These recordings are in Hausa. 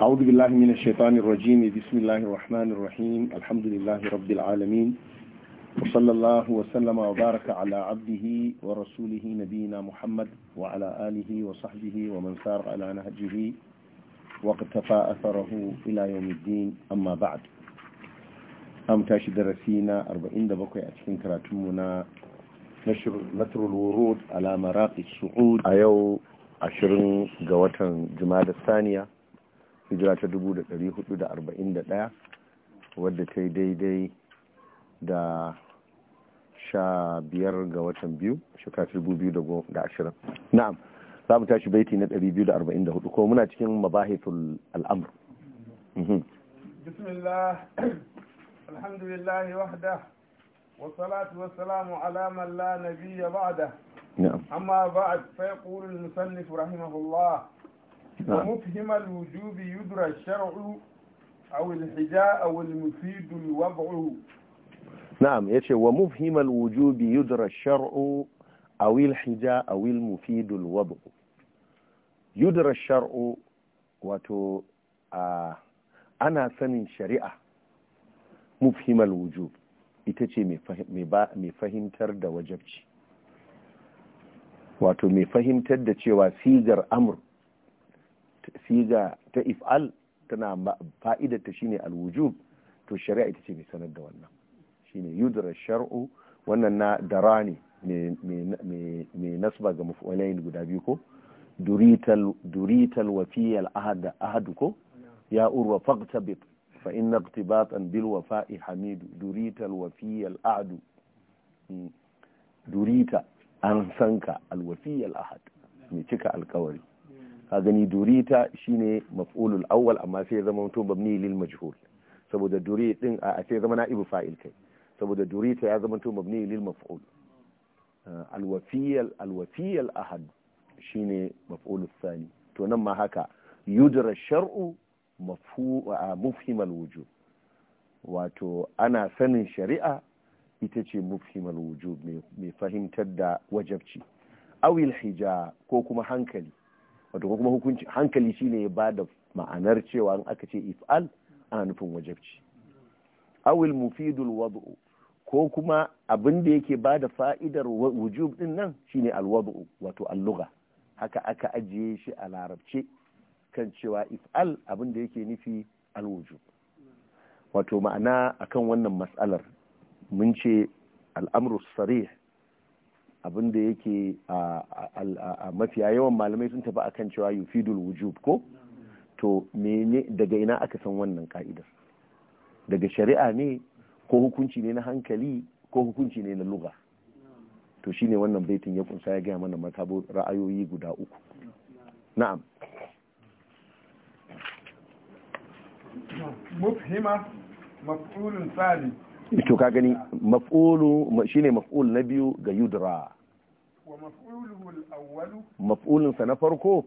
أعوذ بالله من الشيطان الرجيم بسم الله الرحمن الرحيم الحمد لله رب العالمين وصلى الله وسلم وبارك على عبده ورسوله نبينا محمد وعلى آله وصحبه ومن سار على نهجه واقتفى أثره إلى يوم الدين أما بعد أم تاشد رسينا أربعين دبقى أتكين كراتمنا نشر نتر الورود على مراقي السعود أيو عشرين قوة جمال الثانية hijira ta dubu da da da dari hudu arba'in 1441 wadda ta yi daidai da sha biyar ga watan biyu shekara dubu biyu da ashirin na'am za mu tashi baiti na dari biyu da arba'in da hudu ko muna cikin mabahitul al'amur mhm. bismillah alhamdulillah wahda والصلاة والسلام على من لا نبي بعده نعم أما بعد فيقول المصنف رحمه الله ومفهم الوجوب يدرى الشرع أو الحجاء أو المفيد الوضع نعم يتشي ومفهم الوجوب يدرى الشرع أو الحجاء أو المفيد الوضع يدرى الشرع وتو آه أنا سن شريعة مفهم الوجوب ita ce mai fahimtar da wajabci wato mai fahimtar da cewa sigar amur siga ta if'al tana fa'idarta shine alwujub to shari'a ita ce mai sanar da wannan shine yudra shar'u wannan na dara ne mai nasba ga mafi'alain guda biyu ko durital wafiyar ahadu ko ya urwa faktabit fa inna iqtibatan bil wafa'i hamidu durital wafiyar ahadu hmm. durita an sanka alwafiyal ahad mai cika alkawari ka gani durita shine maf'ulul awwal amma sai ya zama mutum babni lil majhul saboda duri din a sai ya zama na'ibu fa'il kai saboda durita ya zama mutum babni lil maf'ul eh, alwafiyal alwafiyal ahad shine maf'ulus sani to nan ma haka yudra shar'u mufhimal wujub wato ana sanin shari'a ita ce mufhimal wujub mai fahimtar da wajabci awil hija ko kuma hankali wato ko kuma hukunci hankali shine ya ba da ma'anar cewa in aka ce if'al ana nufin wajabci awil mufidul wad'u ko kuma abin da yake ba da fa'idar wujub din nan shine alwad'u wato alluga haka aka ajiye shi a larabce kan cewa if'al abin da yake nufi alwujub wato ma'ana akan wannan matsalar mun ce al'amru sarih abin da yake a mafiya yawan malamai sun tafi akan cewa yufidul wujub ko to mene daga ina aka san wannan ka'idar daga shari'a ne ko hukunci ne na hankali ko hukunci ne na lugha to shine wannan baitin ya kunsa ya gaya mana matabo ra'ayoyi guda uku na'am mufhima maf'ulun salih to ka gani maf'ulu shine maf'ul na biyu ga yudra maf'ulun sa na farko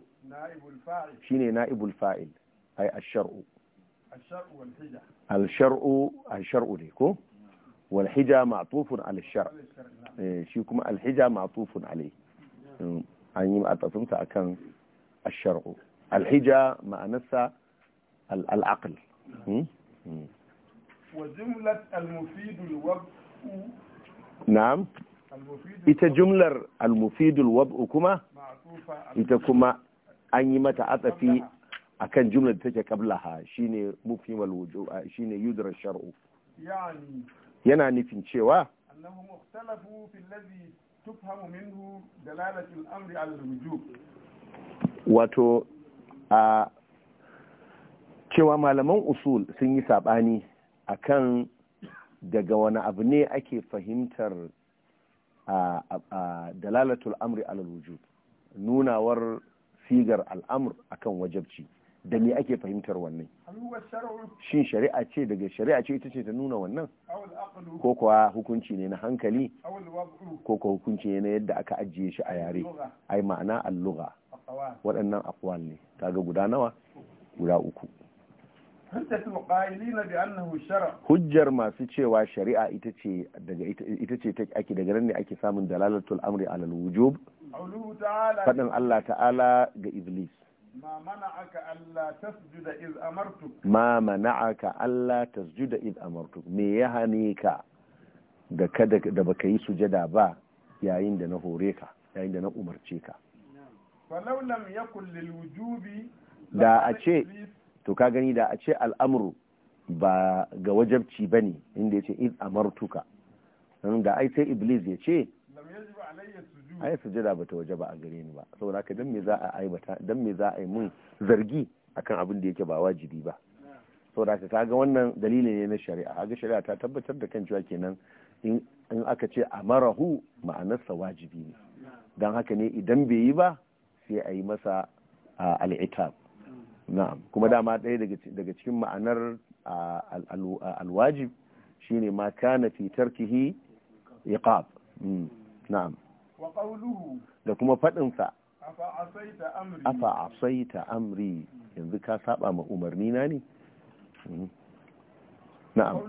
shine na'ibul fa'il ay ash-shar'u al-shar'u al-shar'u ne ko wal hija ma'tufun ala shar eh, shi kuma al hija ma'tufun alai mm, an yi ma'atafin sa akan ash-shar'u al hija ma'anarsa al-aql wa jumlat na'am ita jumlar al-mufidul wab'u kuma ita kuma an yi mata atsafi kan jumlar da take qablaha shine mufhimal wuju shar'u yana nufin cewa wato a cewa malaman usul sun yi sabani akan daga wani abu ne ake fahimtar dalalatul amri al wujud nunawar sigar al'amur akan wajabci da me ake fahimtar wannan shin shari'a ce daga shari'a ce ita ce ta nuna wannan ko kuwa hukunci ne na hankali ko kuwa hukunci ne na yadda aka ajiye shi a yare ai ma'ana allura waɗannan akwal ne kaga guda nawa guda uku hujjar masu cewa shari'a ita ce daga ta ake daga nan ne ake samun dalalatul amri alal wujub faɗin Allah ta'ala ga iblis ma mana'aka Allah tasjuda iz amartu. me ya hane ka da kada da baka yi sujada ba yayin da na hore ka yayin da na umarce ka da a ce to ka gani da a ce al'amuru ba ga wajabci ba ne inda ya ce id amartuka da ai sai iblis ya ce a yi sujada ba ta waje ba a gare ni ba saboda ka dan me za a aibata dan me za a yi mun zargi akan abin da yake ba wajibi ba saboda ta kaga wannan dalili ne na shari'a kaga shari'a ta tabbatar da kan cewa kenan in aka ce amarahu ma'anarsa wajibi ne dan haka ne idan bai yi ba sai a yi masa al'itab na'am kuma dama ɗaya daga cikin ma'anar alwajib shine ma kana fi tarkihi iqab mm. na'am da kuma faɗinsa afa asaita amri yanzu ka saba ma umarni na ne mm. na'am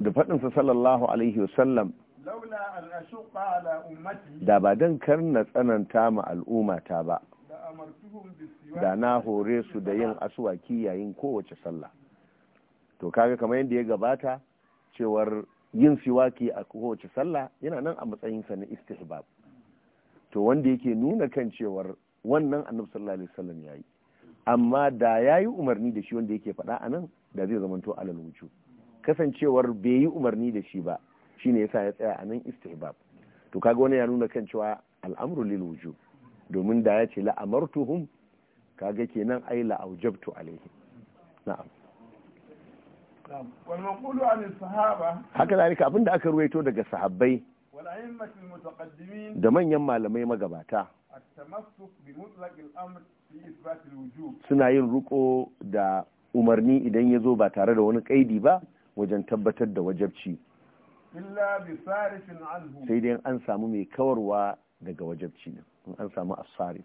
da faɗinsa sallallahu alaihi wasallam da ba dan kar na tsananta ma al'umma ta ba da na hore su da yin asuwaki yayin kowace sallah to kaga kamar yadda ya gabata cewar yin siwaki a kowace sallah yana nan a matsayin sa na istihbab to wanda yake nuna kan cewar wannan annabi sallallahu alaihi wasallam yayi amma da yayi umarni da shi wanda yake faɗa a nan da zai zamanto alal wuju kasancewar bai yi umarni da shi ba shine yasa ya tsaya a nan istihbab to kaga wani ya nuna kan cewa al'amru lil wujub domin da ya ce la'amartuhum kaga kenan ai la'aujabtu alaihim na'am haka zalika abinda aka ruwaito daga sahabbai da manyan malamai magabata suna yin ruko da umarni idan ya zo ba tare da wani kaidi ba wajen tabbatar da wajabci sai dai an samu mai kawarwa daga wajabci nan in an samu asarif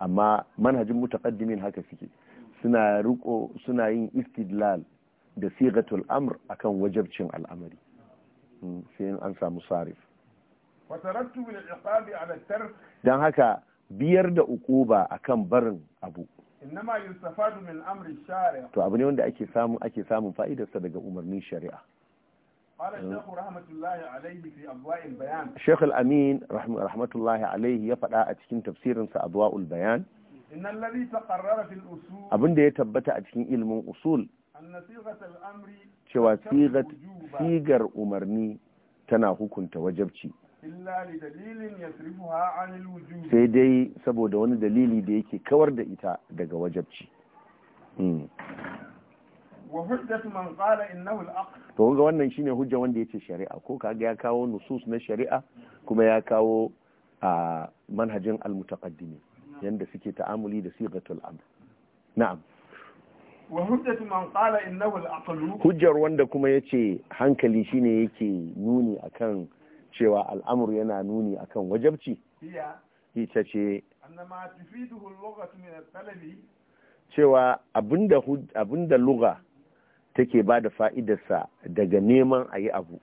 amma manhajin mutaqaddimin haka suke suna ruko suna yin istidlal da sigatul amr akan wajabcin al'amari hmm, sai in an samu sarif don haka biyar da ukuba akan barin abu to abu ne wanda ake samun ake samun fa'idarsa daga umarnin shari'a Sheikh Al-Amin rahmatullahi alaihi ya faɗa a cikin tafsirinsa Adwa'ul Bayan. Abin da ya tabbata a cikin ilimin usul cewa sigar umarni tana hukunta wajabci. Sai dai saboda wani dalili da yake kawar da ita daga wajabci. wa hujjatu man qala innahu al-aql to kun wannan shine hujja wanda yace shari'a ko kaga ya kawo nusus na shari'a kuma ya kawo a manhajin al-mutaqaddimi yanda suke ta'amuli da sigatul amr na'am wa hujjatu man qala innahu al-aql hujjar wanda kuma yace hankali shine yake nuni akan cewa al'amur yana nuni akan wajabci ita ce cewa abinda abinda take ba da fa'idarsa daga neman a yi abu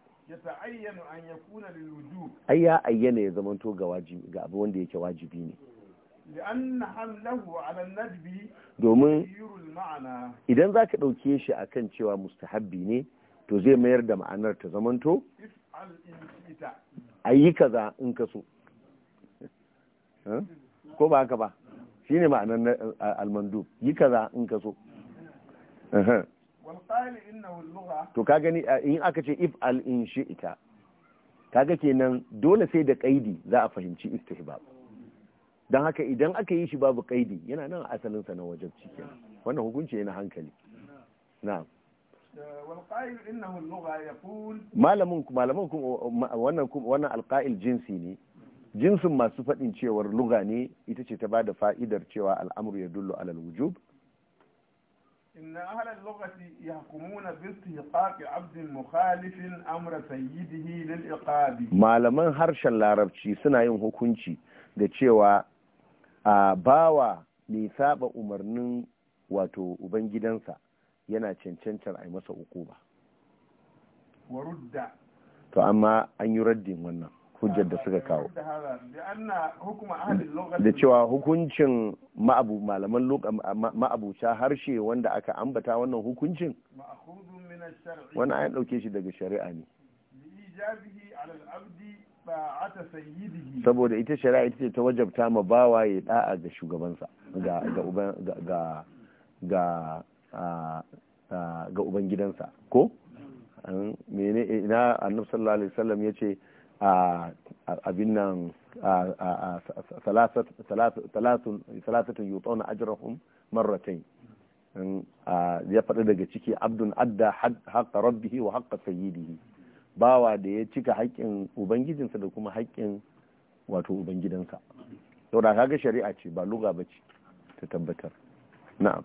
ya ayyana ya zamanto ga ga abu wanda yake wajibi ne domin idan za ka ɗauke shi a kan cewa mustahabbi ne to zai mayar da ma'anar ta zamanto a yi kaza in ka so ko ba haka ba shi ne ma'anar almandu yi kaza in ka so to ka gani in aka ce if al in shi ita kaga kenan dole sai da kaidi za a fahimci istihbab don haka idan aka yi shi babu kaidi yana nan asalinsa na wajen cikin wannan hukunci yana hankali na'am malamin wannan wannan jinsi ne jinsin masu faɗin cewar luga ne ita ce ta ba da fa'idar cewa al'amur ya dullo alal wujub إن أهل اللغة يحكمون باستحقاق عبد مخالف أمر سيده للإقاب malaman harshen larabci suna yin hukunci da cewa a bawa mai saba umarnin wato ubangidansa yana cancantar a yi masa ukuba. Warudda. To amma an yi raddin wannan. hujjar da suka kawo da cewa hukuncin ma'abu malaman ma'abuta harshe wanda aka ambata wannan hukuncin wani an ɗauke shi daga shari'a ne saboda ita shari'a ita ce ta wajabta ma bawa ya da'a ga shugabansa ga ubangidansa ko ina annabi sallallahu alaihi wasallam yace abin nan salasatun yutsona ajirahun marratai ya faɗi daga ciki abdun adda haƙa rabbihi wa haƙa sayyidihi bawa da ya cika haƙƙin ubangijinsa da kuma haƙƙin wato ubangidansa saboda kaga shari'a ce ba luga ba ce ta tabbatar na'am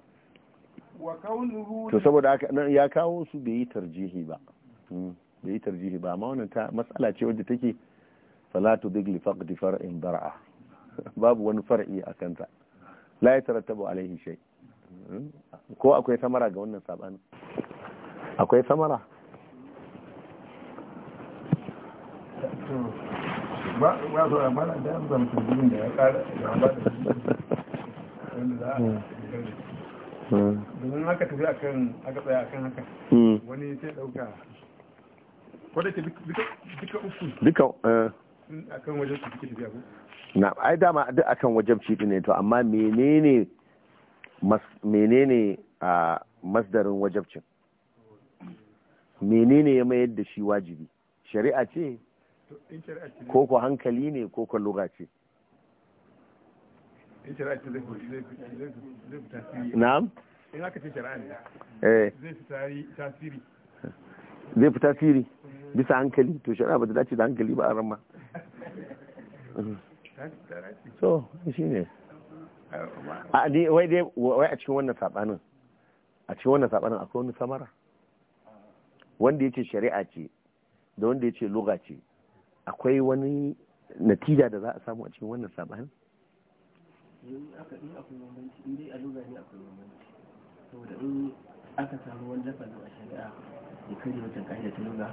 to saboda ya kawo su bai yi tarjihi ba hmm. bai yi tarjihi ba amma wannan matsala ce wadda take salatu digli faqdi far'in bar'a babu wani far'i a kanta la ya tarattabu alaihi shay ko akwai samara ga wannan sabanin akwai samara Ba da da ya domin haka tafi akan aka tsaya akan haka wani sai dauka duka eh. akan wajen su tafiya ko na ai dama duk akan wajen ne to amma menene a masdarin wajabcin menene ya mayar da shi wajibi shari'a ce ko ko hankali ne ko ko ce na'am in aka ce shari'a ne eh. zai fi tasiri zai fi tasiri bisa hankali to shari'a ba ta dace da hankali ba a rama so shi ne wai dai wai a cikin wannan sabanin a cikin wannan sabanin akwai wani samara wanda ya ce shari'a ce da wanda ce loga ce akwai wani natija da za a samu a cikin wannan sabanin aka samu wani lafazin a shari'a ya kai wancan ka'ida ta nuna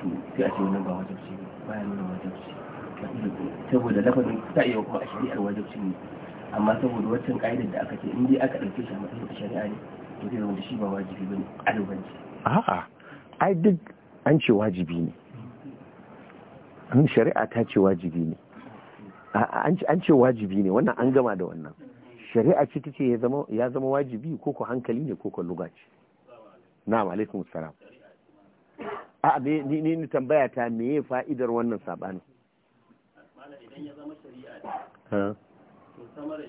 to sai a ce wannan ba wajabci ba ya nuna wajabci saboda lafazin ta iya kuma a shari'ar wajabci ne amma saboda wancan ka'idar da aka ce in dai aka ɗauke shi a matsayin shari'a ne to zai zama shi ba wajibi ba ne alubanci a'a ai duk an ce wajibi ne in shari'a ta ce wajibi ne an ce wajibi ne wannan an gama da wannan shari'a ce ta ce ya zama wajibi ko ko hankali ne ko ko lugaci na alaikum salam a ni ni tambaya ta meye fa'idar wannan sabanin idan ya zama shari'a to samara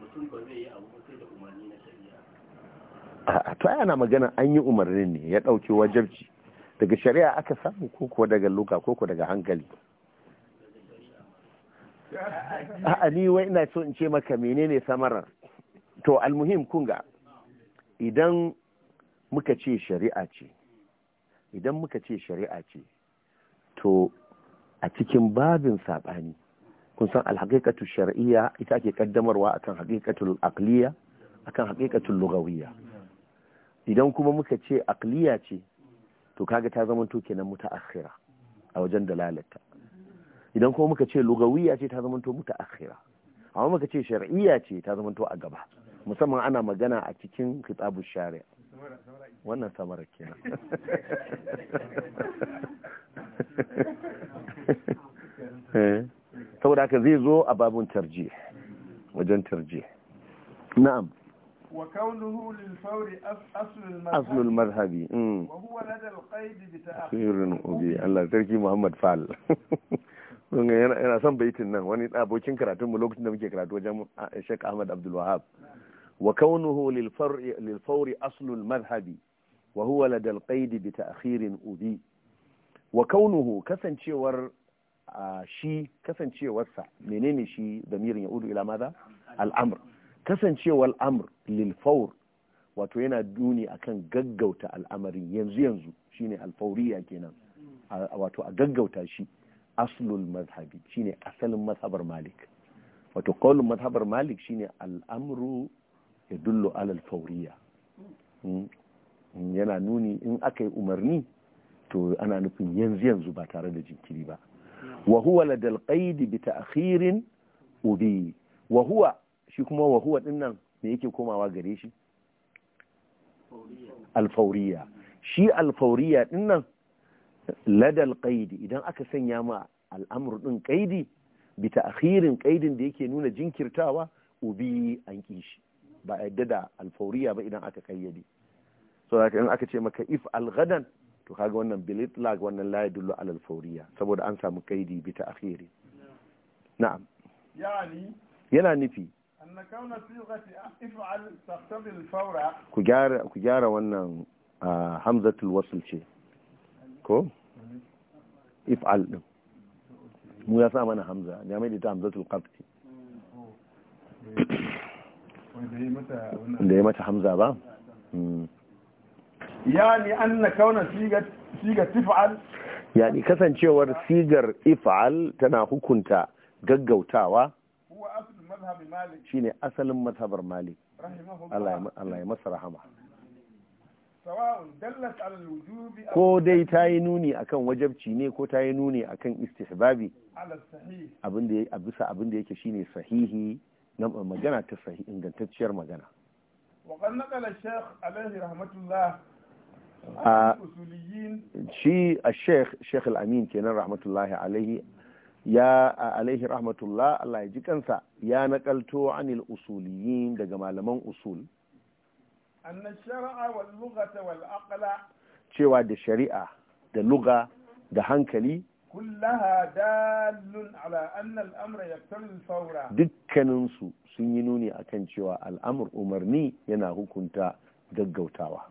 mutum ba zai yi abu sai da umarni na shari'a a to ana magana an yi umarnin ne ya dauke wajabci daga shari'a aka samu ko kuwa daga luka ko kuwa daga hankali a'a ni wai ina so in ce maka menene samarar to almuhim kunga idan muka ce shari'a ce idan muka ce shari'a ce to a cikin babin saɓani kun san alhaƙiƙatu shari'a ita ake kaddamarwa akan haƙiƙatul aqliya akan haƙiƙatu lugawiyya idan kuma muka ce aqliya ce to kaga ta zama to kenan mutaakhira a wajen dalalata idan kuma muka ce lugawiyya ce ta zama to mutaakhira amma muka ce shar'iyya ce ta zama to a gaba musamman ana magana a cikin kitabu shari'a wannan samara kenan eh, saboda haka zai zo a babun tarji wajen tarji na'am wa وكونه للفور أصل المذهب وهو لدى القيد بتأخير أبي الله تركي محمد فعل yana son baitin nan wani abokin karatunmu lokacin da muke karatu wajen Sheikh Ahmad Abdul Wahab وكونه للفرع للفور أصل المذهب وهو لدى القيد بتأخير أبي وكونه كسن شور شي كسن شور سع منين شي ضمير يقول إلى ماذا الأمر كسن شور الأمر للفور wato yana duni akan gaggauta al'amarin yanzu yanzu shine alfauriya kenan wato a gaggauta shi aslul mazhabi shine asalin mazhabar malik wato qaulun mazhabar malik shine al'amru ya dullo alal fauriya hmm? hmm, yana nuni in aka yi umarni to ana nufin yanzu yanzu ba tare da jinkiri ba wa huwa ladal qaidi bi ta'khirin ubi wa huwa shi kuma wa huwa din nan me yake komawa gare shi alfauriya shi alfauriya din nan ladal qaidi idan aka sanya ma amru din qaidi bi ta'khirin qaidin da yake nuna jinkirtawa ubi an kishi ba a yadda da alfauriya ba idan aka kayyade so da in aka ce maka if alghadan to kaga wannan bilit lag wannan la yadullu ala alfauriya saboda an samu kaidi bi ta akhiri na'am yani yana nufi anna kauna sighati if'al taqtadi fawra ku gyara ku gyara wannan hamzatul wasl ce ko if al mu ya sa mana hamza ya mai da hamzatul qatl hmm. da ya mata hamza ba hmm. ya ni an na kauna sigar tif'al ya ni kasancewar sigar if'al tana hukunta gaggautawa shi ne asalin mazhabar malik Allah ya masa rahama ko dai ta yi nuni akan wajabci ne ko ta yi nuni akan istihbabi abinda ya bisa abinda yake shine sahihi na magana ta sahi ingantacciyar magana وقد نقل الشيخ عليه رحمة الله shi a sheikh sheikh al-amin kenan rahmatullahi alaihi ya alaihi rahmatullah Allah ya ji kansa ya nakalto anil usuliyin daga malaman usul anna shari'a wal lugata wal aqla cewa da shari'a da lugha da hankali kullaha dalun ala anna al'amra yaqtali saura. dukkanin su sun yi nuni akan cewa al'amur umarni yana hukunta gaggautawa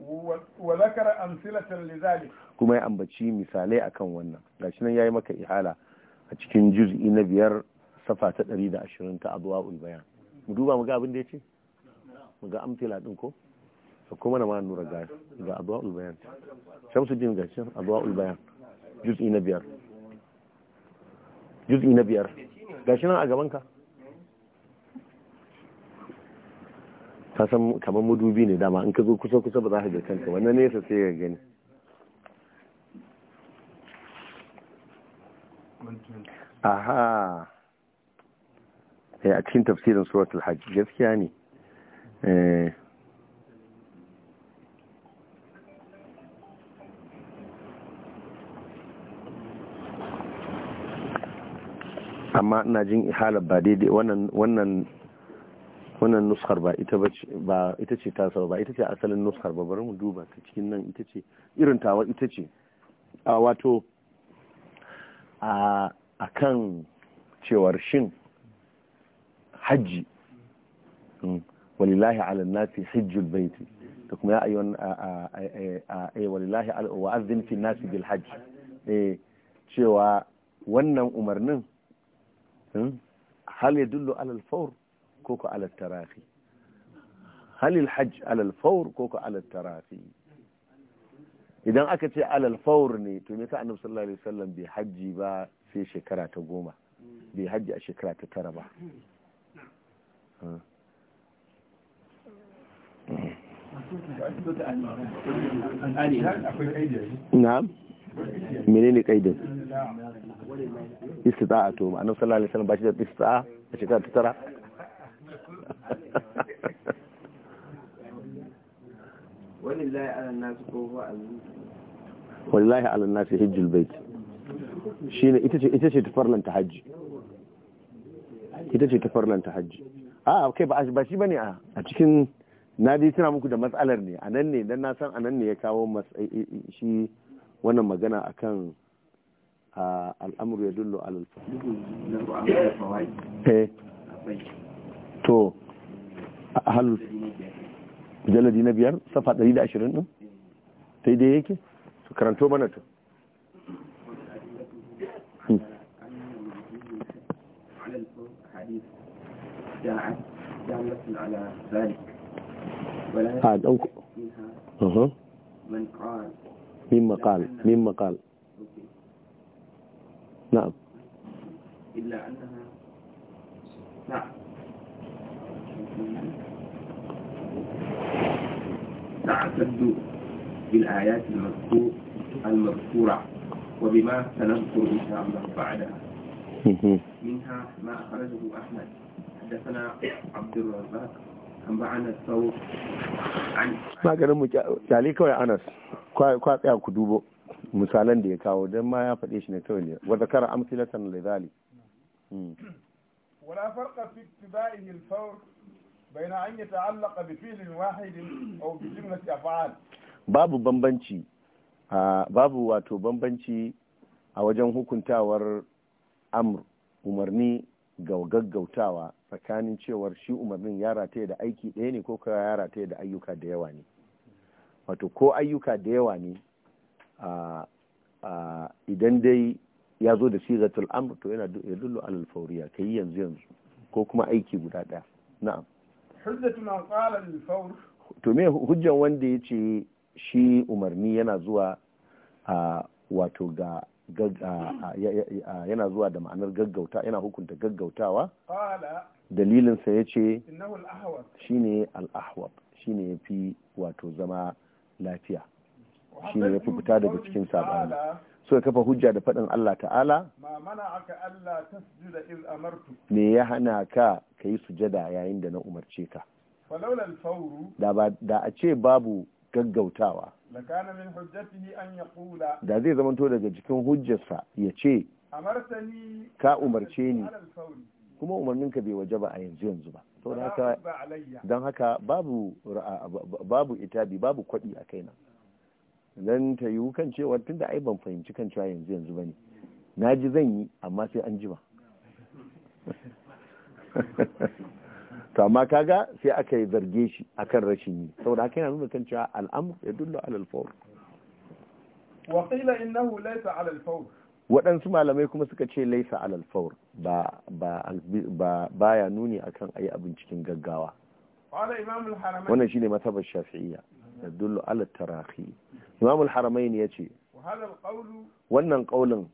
wa zakara amsilatan lidhalik kuma ya ambaci misalai akan wannan gashi nan yayi maka ihala a cikin juz'i na biyar safa ta 120 ta abwaul bayan mu duba mu ga abin da yace mu ga amsila din ko kuma mana ma nura ga ga abwaul bayan shamsuddin gashi abwaul bayan juz'i na biyar juz'i na biyar gashi nan a gabanka ka san kamar madubi ne dama in ka zo kusa kusa ba za ka ga kanka wannan nesa sai ya gani aha eh, a cikin tafsirin suratul hajji gaskiya ne eh. amma ina jin ihalar ba daidai wannan wannan nuskar ba ita ba ita ce ta ba ita ce asalin nuskar ba bari mu duba ta cikin nan ita ce irin tawa ita ce a wato a akan cewar shin hajji hmm, walillahi ala nasi hajjul baiti da kuma ya ayyuan a walillahi wa azzin fi nasi bil hajji eh cewa wannan umarnin إيه؟ هل يدل على الفور كوكو على التراخي هل الحج على الفور كوكو على التراخي اذا اكلت على الفور ني تميت النبي صلى الله عليه وسلم بحج با في شكرا تقوم بحج شكرا تتربا نعم menene kaidin istita'a to ma'ana sallallahu alaihi wasallam ba shi da istita'a a shekara ta tara wallahi ala nasu hijjul bait shine ita ce ita ce ta ta hajji ita ce ta farlanta hajji a kai ba ba shi bane a cikin na dai tana muku da matsalar ne anan ne dan na san anan ne ya kawo shi wannan magana akan al'amur ya dullo alalfa eh, to halus jaladi na biyar safa 120 din sai dai yake su karanto mana to hmm. a ah, ɗauko مما قال مما قال نعم إلا أنها نعم تعتد بالآيات المذكورة وبما سنذكر إن شاء الله بعدها منها ما أخرجه أحمد حدثنا عبد الرزاق maganin mu kyale kawai anas kwa tsaya ku dubo misalan da ya kawo don ma ya faɗe shi ne kawai ne wa zakara amsilatan lidhali hmm. wala farqa fi ittiba'ihi al-fawr bayna an yata'allaqa bi fi'lin wahidin aw bi jumlati af'al babu bambanci babu wato bambanci a wajen hukuntawar amr umarni ga gaggautawa tsakanin cewar shi umarnin ya rataye da aiki ɗaya ne ko kuma ya rataye da ayyuka da yawa ne wato ko ayyuka da yawa ne idan dai ya zo da sigatul amr to yana da dullu alal fauriya kai yanzu yanzu ko kuma aiki guda ɗaya na'am to me hujjan wanda yace shi umarni yana zuwa wato ga yana zuwa da ma'anar gaggauta yana hukunta gaggautawa dalilinsa ya ce shi ne al'ahwab shi ne ya fi wato zama lafiya shi ne ya fi fita daga cikin saɓani so ya kafa hujja da faɗin Allah ta'ala me ya hana ka ka yi sujada yayin da na umarce ka da a ce babu gaggautawa da zai zamanto daga cikin hujjarsa ya ce ka umarce ni kuma umarnin ka bai waje ba a yanzu yanzu ba don haka babu babu itabi babu kwaɗi a kai nan zan ta yiwu kan cewa tun da ai ban fahimci kan cewa yanzu yanzu ba ne na ji zan yi amma sai an ji ba to amma kaga sai aka yi zarge shi akan rashin yi saboda haka yana nuna kan cewa al'amur ya dullo alal fawr wa qila innahu laysa alal fawr waɗansu malamai kuma suka ce laisa alal fawr ba ba baya nuni akan ayi abin cikin gaggawa wannan shine mazhabar shafi'iyya ya dullo alal tarahi imam al-haramain yace wannan kaulin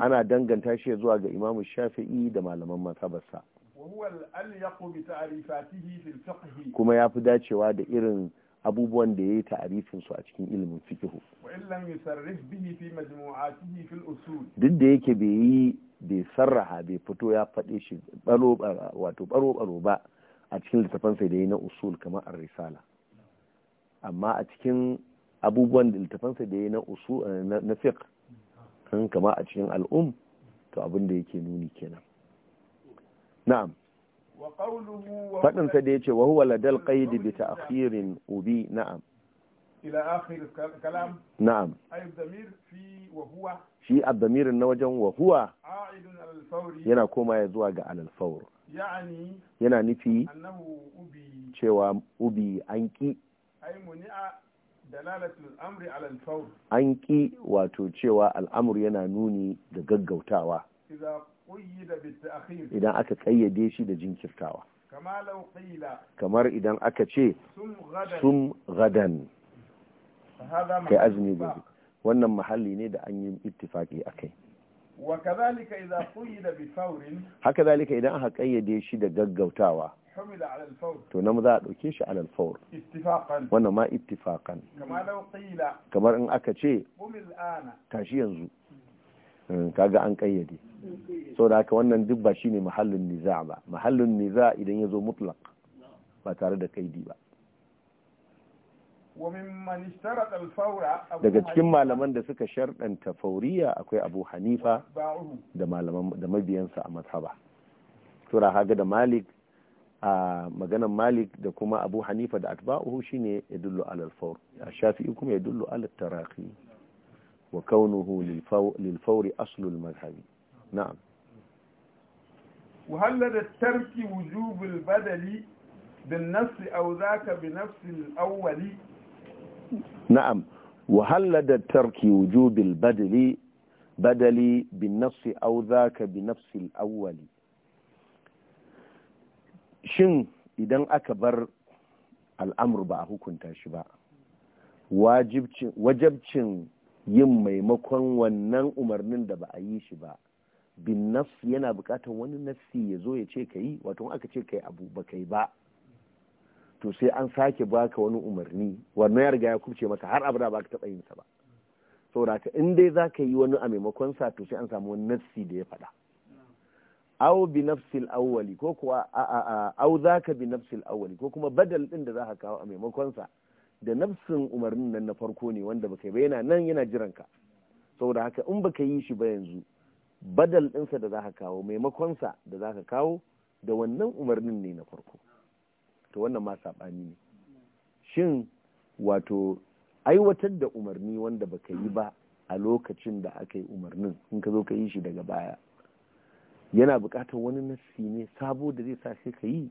ana danganta shi zuwa ga imamu shafi'i da malaman mazhabarsa kuma ya fi dacewa da irin abubuwan da ya yi ta'arifin su a cikin ilimin fikihu duk da yake bai yi bai sarraha bai fito ya faɗe shi wato baro-baro ba a cikin littafansa da ya yi na usul kamar a risala amma a cikin abubuwan da littafansa da ya na usu eh, na fiqh kan kama a cikin al'um to abin da yake nuni kenan na'am faɗinsa da ya ce wa huwa ladal qaid bi ta'khirin ubi na'am ila akhir kalam na'am ay damir fi wa huwa shi ad-damir na wajen wa huwa yana koma ya zuwa ga alal fawr yana nufi cewa ubi an an ƙi wato cewa al'amur yana nuni da gaggautawa idan aka ƙayyade shi da jinkirtawa kamar idan aka ce sum gadan kai azumi gobe wannan mahalli ne da an yi ittifaki a kai haka zalika idan aka ƙayyade shi da gaggautawa to na za a ɗauke shi alal faur wannan ma ittifaqan kamar in aka ce tashi yanzu hmm, kaga an kayyade da haka wannan duk ba shine mahallin niza ba mahallin niza idan ya zo mutlaq ba tare da kaidi ba daga cikin malaman da suka sharɗanta fauriya akwai abu hanifa da mabiyansa a mazhaba tura haga da malik a maganan malik da kuma abu hanifa da atba'uhu shine ya dullu alal fawr shafi'i kuma ya alal taraqi wa kaunuhu lil fawr aslul madhhabi na'am wa hal tarki wujub al badali bin nafs aw zaka bi na'am wa hal tarki badali shin idan aka bar al'amur ba a hukunta shi ba wajabcin yin maimakon wannan umarnin da ba a yi shi ba bin yana bukatar wani nafsi ya zo ya ce ka yi wato aka ce ka yi abu ba kai ba to sai an sake baka wani umarni wannan ya riga ya kubce maka har abu da ba ka taɓa yin sa ba saboda in dai za ka yi wani a maimakon sa to sai an samu wani nafsi da ya faɗa aw bi nafsil awwali ko kuwa aw zaka bi nafsil awwali ko kuma badal din da zaka kawo a maimakon sa da nafsin umarnin nan na farko ne wanda baka ba yana nan yana jiran ka saboda haka in baka yi shi ba yanzu badal din sa da zaka kawo maimakon sa da zaka kawo da wannan umarnin ne na farko to wannan ma sabani ne shin wato aiwatar da umarni wanda baka yi ba a lokacin da aka yi umarnin in ka zo ka yi shi daga baya yana buƙatar wani nassi ne sabo da zai sa shi ka yi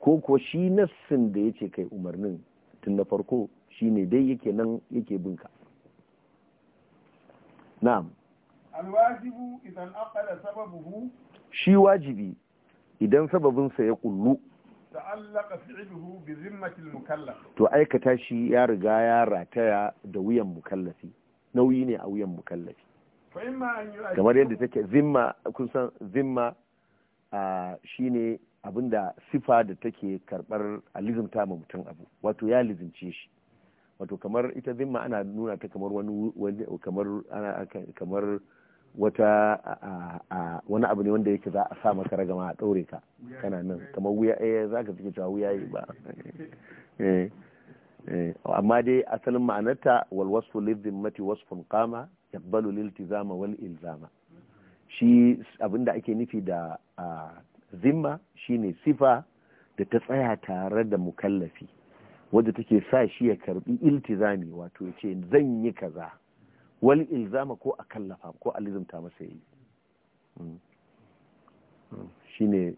ko kuwa shi nassin da ya ce kai umarnin tun na farko shi ne dai yake nan yake binka na'am alwajibu idan aqala sababuhu shi wajibi idan sababinsa ya kullu ta'allaqa fi'luhu bi zimmati al-mukallaf to aikata shi ya riga ya rataya da wuyan mukallafi nauyi ne a wuyan mukallafi kamar yadda take zimma san zimma shine abinda sifa da take karbar alizimta ma mutum abu wato ya lizince shi wato kamar ita zimma ana nuna ta kamar wani kamar ana kamar wata wani abu ne wanda yake za a sa maka ragama a ɗaure ka kana nan kamar wuya eh za ka fike cewa wuya yi ba eh, eh, amma dai asalin ma'anarta walwasu wasfu lizimmati wasu qama yabbalu liltizama wal ilzama shi abinda ake nufi da zimma shine sifa da ta tsaya tare da mukallafi wadda take sa shi ya karbi iltizami wato ya ce zan yi kaza wal ilzama ko a kallafa ko a lizimta masa yi mm. mm. shine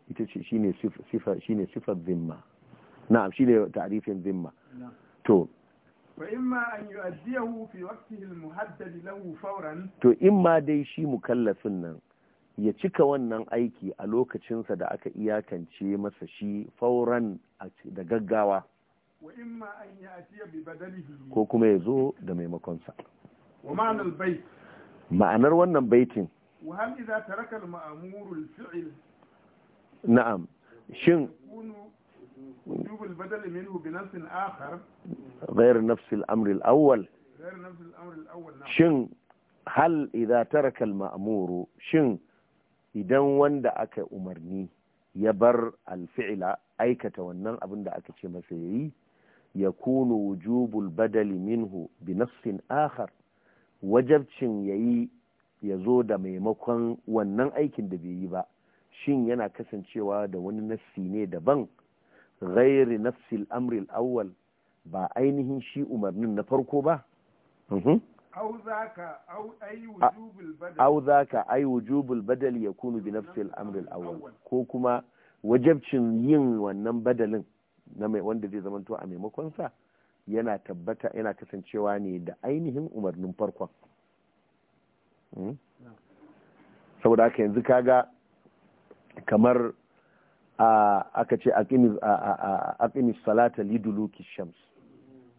sifa shine sifar zimma na'am shine ta'rifin zimma to فإما أن يؤديه في وقته المحدد له فورا تو إما دي شي مكلفنا ya cika wannan aiki a lokacinsa da aka iyakance masa shi fauran da gaggawa ko kuma ya zo da maimakonsa ma'anar wannan baitin na'am shin وجوب البدل منه بنفس آخر غير نفس الأمر الأول غير نفس الأمر الأول نعم شن هل إذا ترك المأمور شن إذا وند أك أمرني يبر الفعل أيكة ونن أبند أك شمسيي يكون وجوب البدل منه بنفس آخر wajabcin ya yi ya zo da maimakon wannan aikin da bai yi ba shin yana kasancewa da wani nassi ne daban ghairi nafsil amril awwal ba ainihin shi umarnin na farko ba au zaka badal ya kunu bi amri amril awwal ko kuma wajabcin yin wannan badalin na mai wanda zai zamanto a maimakon sa yana tabbata yana kasancewa ne da ainihin umarnin farkon saboda haka yanzu kaga kamar aka ce aqimis salata liduluki shams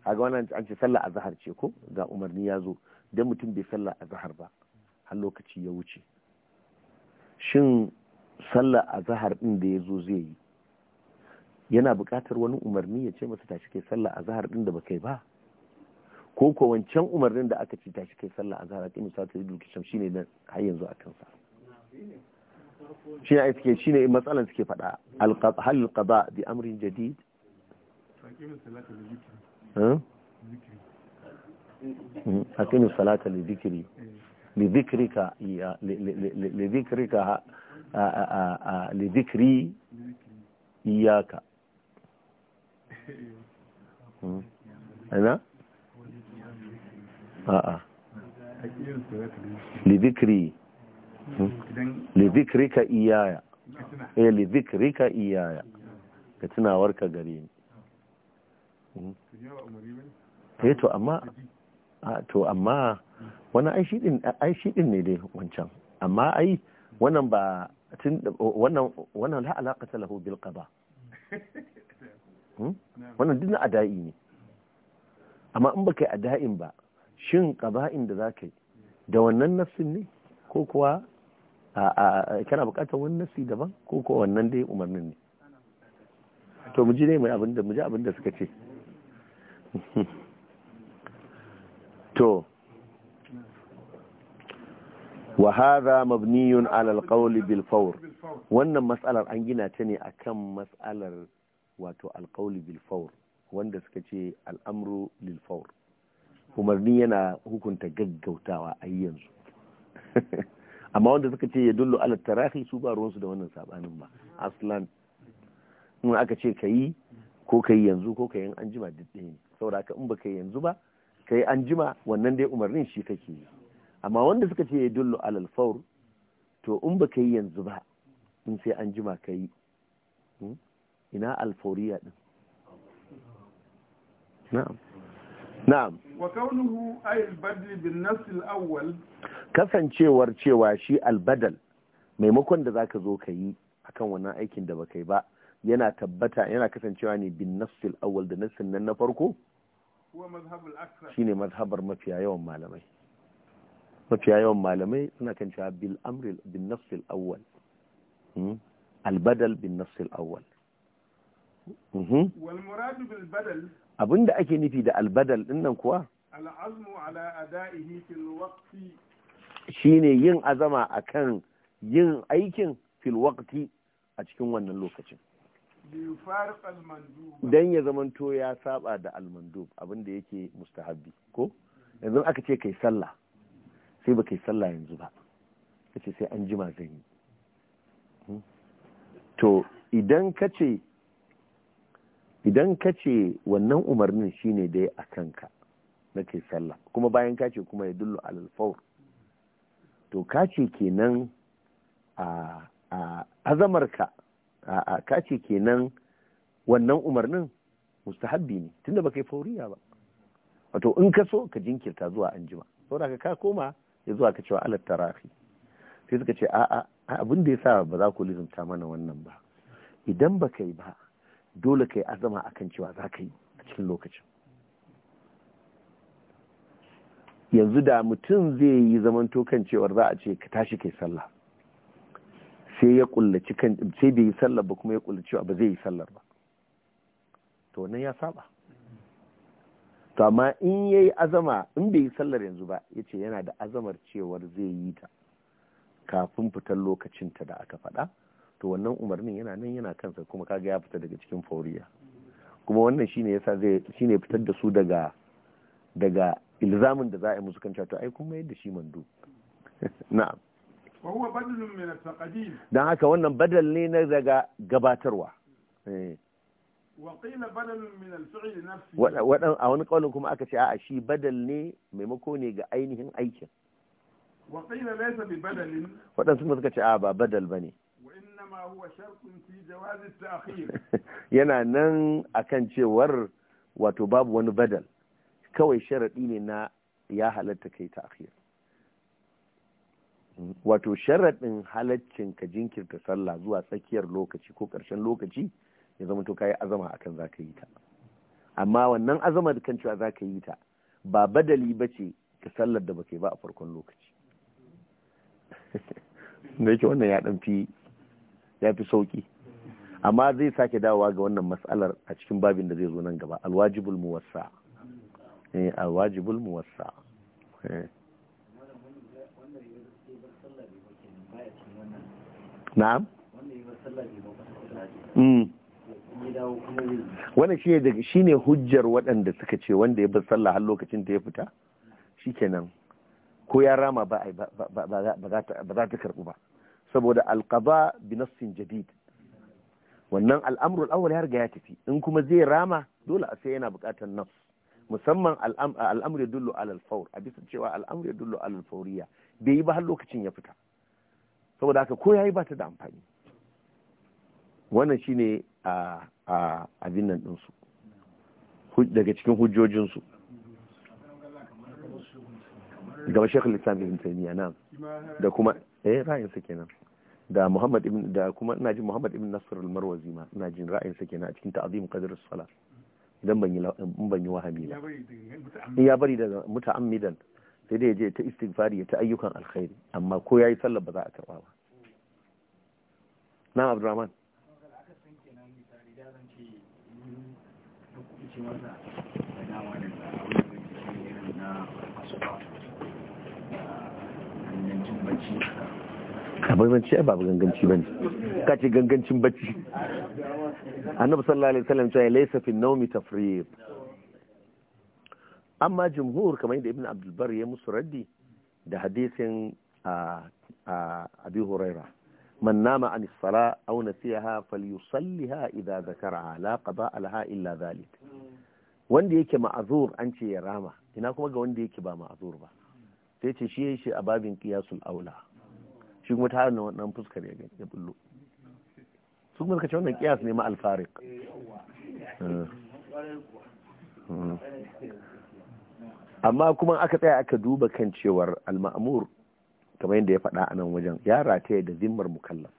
kaga wannan an ce sallah azhar ce ko ga umarni ya zo dan mutum bai sallah azhar ba har lokaci ya wuce shin sallah azhar din da ya zo zai yi yana buƙatar wani umarni ya ce masa tashi kai sallah azhar din da baka yi ba ko ko wancan umarnin da aka ce tashi kai sallah azhar aqimis salata liduluki shams shine har yanzu akan sa shi ne suke shi ne matsalan suke faɗa hal qada bi amrin jadid hakimu hmm? eh. hmm? salata li zikri li zikrika li zikrika li zikri iyaka ana a li zikri Hmm. lidhikrika iyaya eh lidhikrika iyaya ka tunawar ka gare ni hmm. eh to amma to amma wani ai shidin ai shidin ne dai wancan amma ai wannan ba tun wannan wannan la alaqata lahu bil qada hmm? wannan duk na adai ne amma in baka yi adain ba shin qada'in da zaka yi da wannan nafsin ne ko kuwa kana bukatar wani nasi daban ko ko wannan dai umarnin ne to mu ji ne mai abin da mu ji abin da suka ce to wa hadha mabniyun ala alqawl bil fawr wannan mas'alar an gina ta ne akan mas'alar wato alqawl bil fawr wanda suka ce al'amru lil fawr umarni yana hukunta gaggautawa a yanzu amma wanda suka ce ya dullo ala tarahi su ba ruwansu da wannan sabanin ba aslan in aka ce ka yi ko ka yi yanzu ko ka yi an jima duk ɗaya ne saboda haka in ba ka yi yanzu ba ka yi an wannan dai umarnin shi kake yi amma wanda suka ce ya dullo alal faur to in ba ka yi yanzu ba in sai anjima jima ka yi hmm? ina alfauriya din na'am na'am wa kaunuhu ay al-badl bin nas al-awwal kasancewar cewa shi al-badal maimakon da zaka zo ka yi akan wannan aikin da baka yi ba yana tabbata yana kasancewa ne bin nas al-awwal da nafsin nan na farko shine mazhabar mafiya yawan malamai mafiya yawan malamai suna kan cewa bil amri bin nas al-awwal hmm? al-badal bin nas al-awwal hmm? wal muradu bil badal Abin da ake nufi da albadal din nan kuwa al'azmu ala shine yin azama akan yin aikin fil a cikin wannan lokacin dan ya zamanto ya saba da almandub da yake mustahabbi ko yanzu aka ce kai sallah sai ba kai sallah yanzu ba kace sai an jima zan yi hmm? to idan ka ce idan ka ce wannan umarnin shine dai a kanka na ke sallah kuma bayan ka ce kuma ya dullu lalfawar, to ka ce kenan a azamarka ka ce kenan wannan umarnin mustahabbi ne tunda baka yi fauriya ba wato in ka so ka jinkirta zuwa anjima saboda ka koma ya zuwa ka cewa alat rafi sai suka ce a'a abin da sa ba za ku lizumta mana wannan ba idan baka yi ba dole ka yi azama kan cewa za ka yi a cikin lokacin yanzu da mutum zai yi zaman tokan cewar za a ce ka tashi kai sallah sai ya kullaci kan sai bai yi sallah ba kuma ya kullaci ba zai yi sallar ba to wannan ya saba to amma in ya yi azama in bai yi sallar yanzu ba ya ce yana da azamar cewar zai yi ta kafin fitar lokacinta da aka faɗa to wannan umarnin yana nan yana kansa kuma kaga ya fita daga cikin fauriya kuma wannan shine yasa zai shine fitar da su daga daga ilzamin da za a yi musu kan to ai kuma yadda shi mandu na'am wa huwa badalun min at-taqdim dan haka wannan badal ne na daga gabatarwa eh. wa qila badalun min al-fi'l nafsi wa a wani kaulin kuma aka ce a'a shi badal ne maimako ne ga ainihin aikin wa qila laysa bi badalin wadan suka ce a ba badal bane yana nan a kan cewar wato babu wani badal kawai sharaɗi ne na ya halatta kai akhir wato sharaɗin halaccin ka jinkirta sallah zuwa tsakiyar lokaci ko ƙarshen lokaci ya zama to kayi azama akan za ka yi ta amma wannan azama da kan cewa za ka yi ta ba badali ba ce sallar da baka yi ba a farkon lokaci da yake wannan ya ɗan ya fi sauki amma zai sake dawowa ga wannan matsalar a cikin babin da zai zo nan gaba alwajibul muwassa eh alwajibul muwassa eh. na'am hmm. wannan shi ne shi ne hujjar waɗanda suka ce wanda ya bar sallah har lokacin da ya fita shikenan ko ya rama ba za ta karɓu ba saboda alqada bi jadid wannan al'amru al'awwal ya riga ya tafi in kuma zai rama dole a sai yana buƙatar nafs musamman al'amru yadullu ala al-fawr a bisa cewa al'amru yadullu ala al-fawriya bai yi ba har lokacin ya fita saboda haka ko yayi ba ta da amfani wannan shine a a abin nan din su daga cikin hujjojin su gaba shekul islam ibn taymiya nan da kuma eh ra'ayin sa kenan da Muhammad ibn da kuma ina jin Muhammad ibn Nasr al-Marwazi ma ina jin ra'ayin sa kenan a cikin ta'zim qadr as idan ban yi in ban yi wahami ba ya bari da muta'ammidan sai dai je ta istighfari ta ayyukan alkhairi amma ko yayi sallar ba za a karba ba na Abdurrahman barbanci ba ba ganganci bane ka ce gangancin bacci annabi sallallahu alaihi wasallam cewa laysa fi nawmi tafriq amma jumhur kamar yadda ibn abdul bar ya musu raddi da hadisin a abi huraira man nama an sala aw nasiha falyusalliha idha dhakara la qada alha illa dhalik wanda yake ma'azur an ce ya rama ina kuma ga wanda yake ba ma'azur ba sai ce shi yayi shi a babin qiyasul aula shi kuma ta hannun wannan fuskar ya ya bullo su kuma ce wannan kiyas ne ma alfarik eh. amma kuma aka tsaya aka duba kan cewar al-ma'mur kamar yadda ya faɗa a nan wajen ya rataya da zimmar mukallaf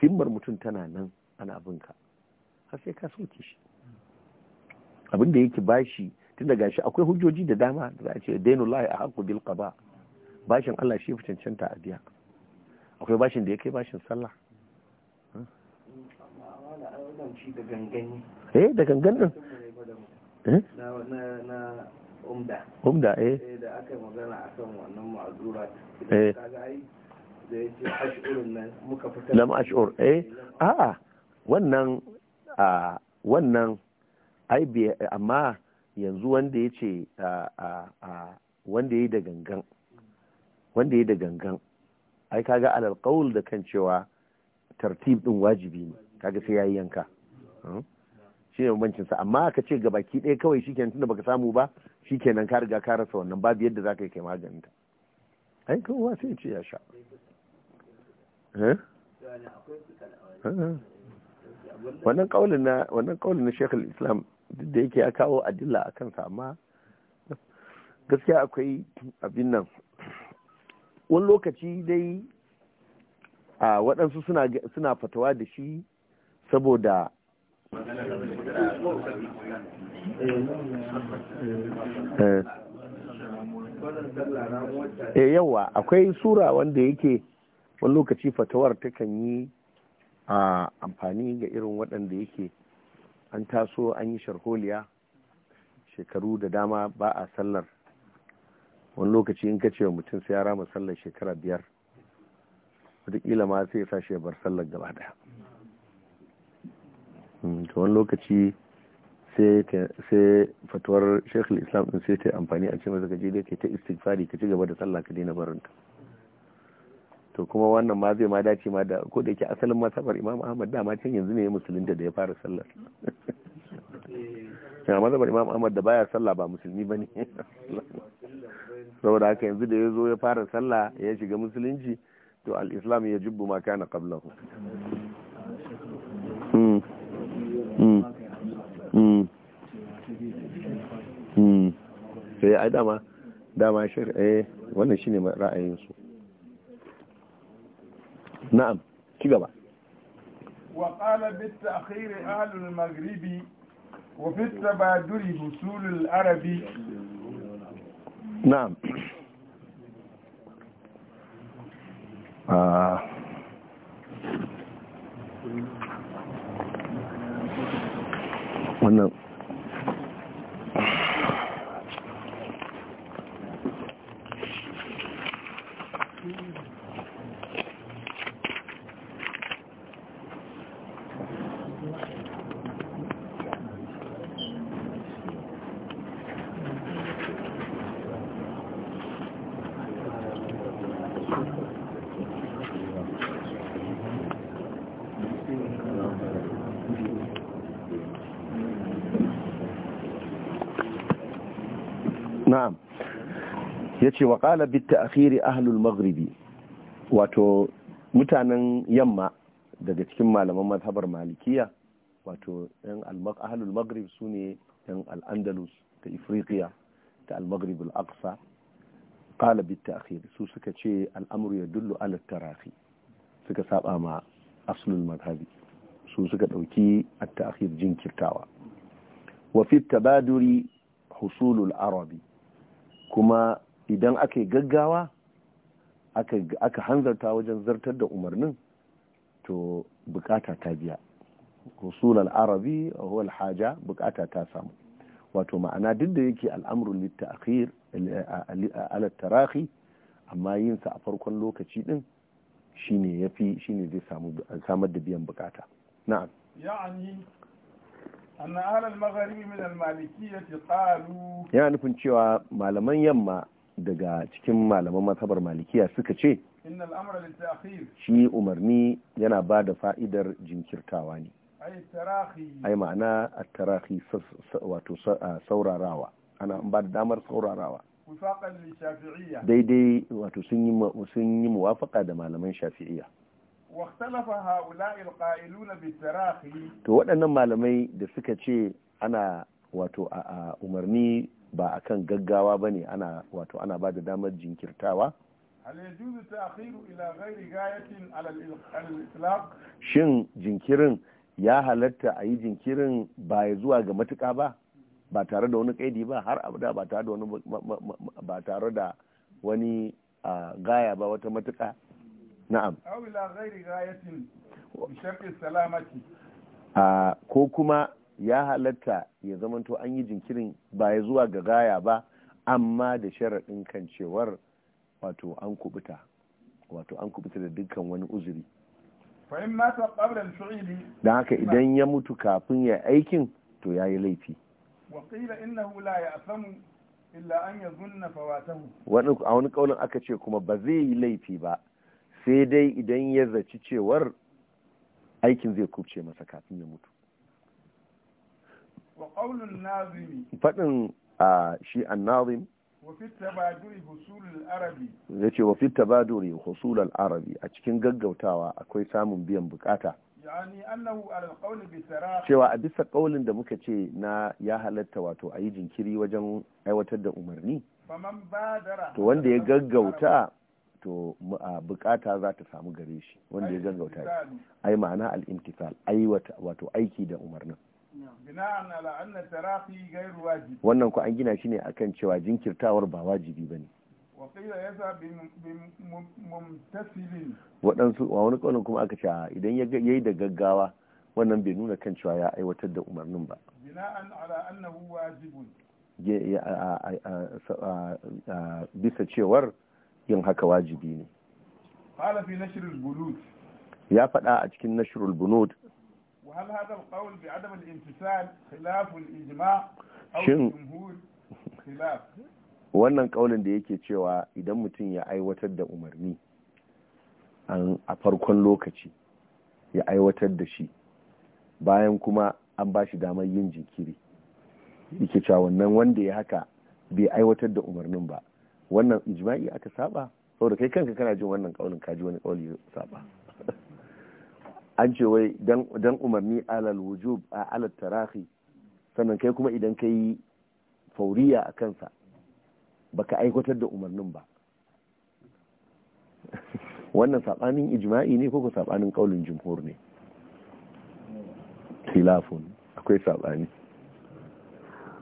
zimmar mutum tana nan ana abinka har sai ka soke shi abin da yake bashi tun daga shi akwai hujjoji da dama da za a ce dainu lahi a haƙu bil bashin Allah shi fi cancanta a biya akwai bashin da ya kai bashin sallah eh da gangan din na eh? umda eh da aka magana akan wannan ma'azura eh da ya ce ash'urun nan muka fitar lam ash'ur eh a'a wannan a wannan ai amma yanzu wanda ya ce wanda ya da gangan wanda ya yi da gangan ai kaga alal qaul da kan cewa tartib din wajibi ne kaga sai yayi yanka hmm? shi ne bambancin sa amma aka ce ga baki ɗaya kawai shikenan tunda baka samu ba shikenan ka riga ka rasa wannan babu yadda zaka yi kai maganin ta ai kowa sai ce ya sha wannan kaulin na wannan kaulin na Islam duk da yake ya kawo adilla akan sa amma gaskiya akwai abin nan wani lokaci dai a waɗansu suna fatawa da shi saboda e eh, eh, yawa akwai sura wanda yake wani lokaci fatawar takan yi a amfani ga irin waɗanda yake an taso an yi sharholiya shekaru da dama ba a sallar wani lokaci in ka ce wa mutum sai ya rama sallar shekara biyar wataƙila ma sai ya sa shi ya bar sallar gaba daya hmm, to wani lokaci sai fatuwar shekul islam din sai ta amfani a ce masa ka ke dai ta istighfari ka ci gaba da sallah ka daina barinta to kuma wannan ma zai ma dace ma da ko da yake asalin masabar imam ahmad dama can yanzu ne musulunta da ya fara sallar ya masabar imam ahmad da baya sallah ba musulmi ba ne saboda haka yanzu da ya zo ya fara sallah ya shiga musulunci to al-islam ya jubbu ma kana qablahu hmm. Hmm. Hmm. sai ai dama dama shir eh wannan shine ra'ayin su na'am ki gaba wa qala bi ta'khir al maghribi wa fit tabadur husul al-arabi na'am ah. wannan ya ce wa ƙala bitta akhiri ahlul maghribi wato mutanen yamma daga cikin malaman mazhabar malikiya wato yan ahlul maghrib su ne yan al'andalus da ifriqiya da al-maghrib al-aqsa qala bitta Akhiri. su suka ce al'amru yadullu ala tarahi suka saba ma aslul madhhabi su suka dauki at-ta'khir jinkirtawa wa fi tabaduri husulul arabi kuma idan aka yi gaggawa aka hanzarta wajen zartar da umarnin to bukata ta biya husulan arabi a huwal haja bukata ta samu wato ma'ana duk da yake al'amurin littafir alattarahi amma yin sa a farkon lokaci din shine yafi shine zai samar da biyan bukata na'am al-maghribi min al-malikiyyah qalu يعني نفن cewa malaman yamma. daga cikin malaman mazhabar malikiya suka ce shi umarni yana ba da fa'idar jinkirtawa ne ai ma'ana a tarahi wato saurarawa ana ba da damar saurarawa daidai wato sun yi muwafaka da malaman shafi'iyya to waɗannan malamai da suka ce ana wato a umarni ba a kan gaggawa ba ne ana wato ana ba da damar jinkirtawa shin jinkirin ya halatta a yi jinkirin ba ya zuwa ga matuka ba ba tare da wani kaidi ba har abada ba tare da wani ba tare da wani gaya ba wata matuka na'am ko kuma ya halatta ya zamanto an yi jinkirin ba ya zuwa ga gaya ba amma da sharaɗin kan cewar wato an kubuta wato an kubuta da dukkan wani uzuri da haka idan ya mutu kafin ya aikin to ya yi laifi a wani kaulin aka ce kuma ba zai yi laifi ba sai dai idan ya zaci cewar aikin zai kubce masa kafin ya mutu faɗin a shi an-nazim ya ce wafi tabaduri husul arabi a cikin gaggautawa akwai samun biyan bukata cewa a bisa ƙaunin da muka ce na ya halatta wato a yi jinkiri wajen aiwatar da umarni to wanda ya gaggauta to bukata za ta samu gare shi wanda ya gaggauta ai ma'ana al'imtisal aiwata wato aiki da umarnin wannan ku an gina shi ne akan cewa jinkirtawar ba wajibi ba ne. Waɗansu, a wani ƙaunin kuma aka ce idan ya yi da gaggawa wannan bai nuna kan cewa ya aiwatar da umarnin ba bisa cewar yin haka wajibi ne ya faɗa a cikin nashirul bunud وهل هذا القول بعدم الامتثال خلاف الاجماع او الجمهور خلاف wannan kaulin da yake cewa idan mutum ya aiwatar da umarni a farkon lokaci ya aiwatar da shi bayan kuma an ba shi damar yin jinkiri yake cewa wannan wanda ya haka bai aiwatar da umarnin ba wannan ijma'i aka saba saboda kai kanka kana jin wannan kaulin kaji wani kauli saba an ce wai dan umarni alal wujub a alal tarahi sannan kai kuma idan ka yi fauriya a kansa baka aikwatar da umarnin ba wannan saɓanin ijma'i ne ko saɓanin ƙaunin jimhur ne khilafun akwai saɓani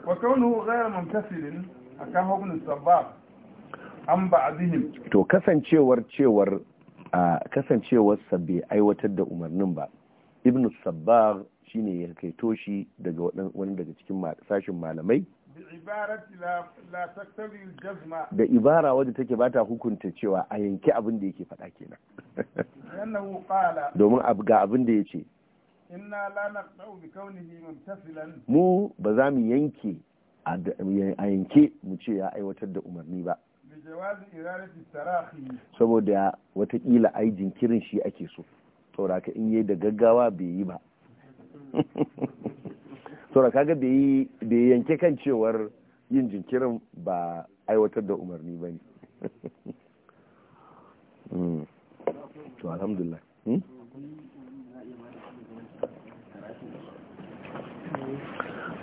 wa kaunu ghayra mumtasilin akan hukumin sabab an ba'dihim to kasancewar cewar a kasancewarsa bai aiwatar da umarnin ba ibn sabbar ne ya kaito shi daga wani daga cikin sashin malamai da ibara wadda take bata hukunta cewa a yanki abin da yake faɗa kenan domin ga abin da ya ce mu ba za mu yanke a yanke mu ce ya aiwatar da umarni ba saboda watakila ai jinkirin shi ake so ka in yi da gaggawa bai yi ba sauraka ga bai yanke kan cewar yin jinkirin ba aiwatar da umarni ba ne hmm. to alhamdulillah hmm?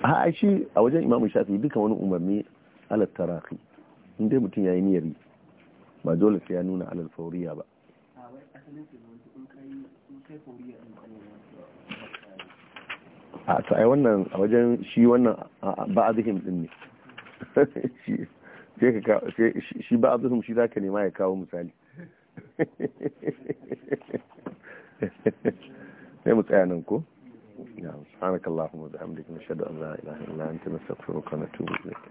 a shi a wajen imamu shafi duka wani umarni alattarafi in dai mutum ya yi niyyar yi ba dole sai ya nuna alal fauriya ba a to ai wannan a wajen shi wannan ba a zikin din ne shi ba a zikin shi za ka nema ya kawo misali sai mu tsaya nan ko سبحانك اللهم وبحمدك نشهد ان لا اله الا انت نستغفرك ونتوب اليك